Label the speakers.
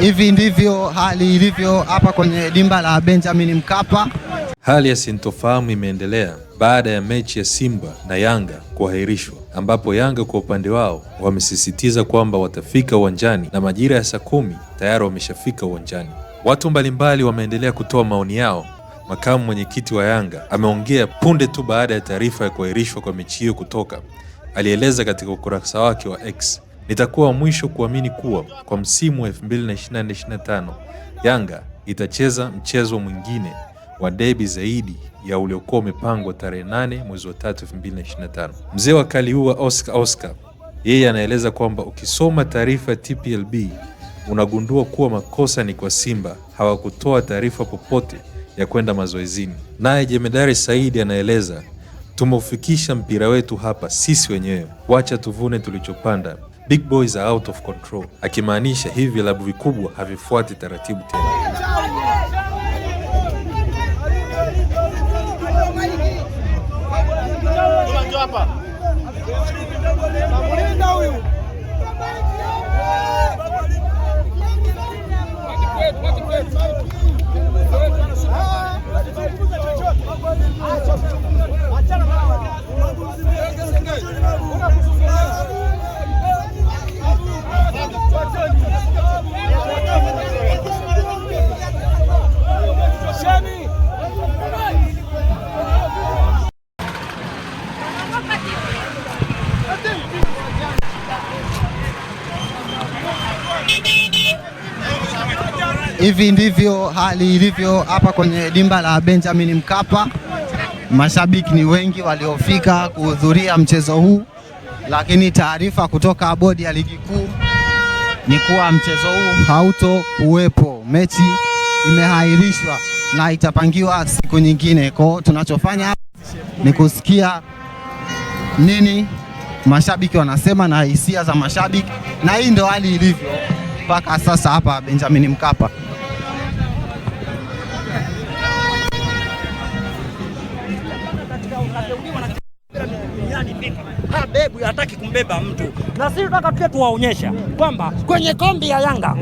Speaker 1: Hivi ndivyo hali ilivyo hapa kwenye dimba la Benjamin Mkapa.
Speaker 2: Hali ya sintofahamu imeendelea baada ya mechi ya Simba na Yanga kuahirishwa, ambapo Yanga kwa upande wao wamesisitiza kwamba watafika uwanjani na majira ya saa kumi tayari wameshafika uwanjani. Watu mbalimbali wameendelea kutoa maoni yao makamu mwenyekiti wa Yanga, ameongea punde tu baada ya taarifa ya kuahirishwa kwa mechi hiyo kutoka. Alieleza katika ukurasa wake wa X, nitakuwa mwisho kuamini kuwa kwa msimu wa 2024/25 Yanga itacheza mchezo mwingine wa debi zaidi ya uliokuwa umepangwa tarehe 8 mwezi wa 3 2025. Mzee wa Kaliua Oscar Oscar yeye anaeleza kwamba ukisoma taarifa ya TPLB unagundua kuwa makosa ni kwa Simba, hawakutoa taarifa popote ya kwenda mazoezini. Naye jemedari Saidi anaeleza, tumeufikisha mpira wetu hapa sisi wenyewe, wacha tuvune tulichopanda. Big boys are out of control, akimaanisha hivi vilabu vikubwa havifuati taratibu tena.
Speaker 1: Hivi ndivyo hali ilivyo hapa kwenye dimba la Benjamin Mkapa. Mashabiki ni wengi waliofika kuhudhuria mchezo huu, lakini taarifa kutoka bodi ya ligi kuu ni kuwa mchezo huu hauto uwepo. Mechi imehairishwa na itapangiwa siku nyingine. Kwa hiyo tunachofanya hapa ni kusikia nini mashabiki wanasema na hisia za mashabiki, na hii ndio hali ilivyo mpaka sasa hapa Benjamin Mkapa. bebu hataki kumbeba mtu, na sisi tunataka tuwaonyesha kwamba kwenye kombi ya Yanga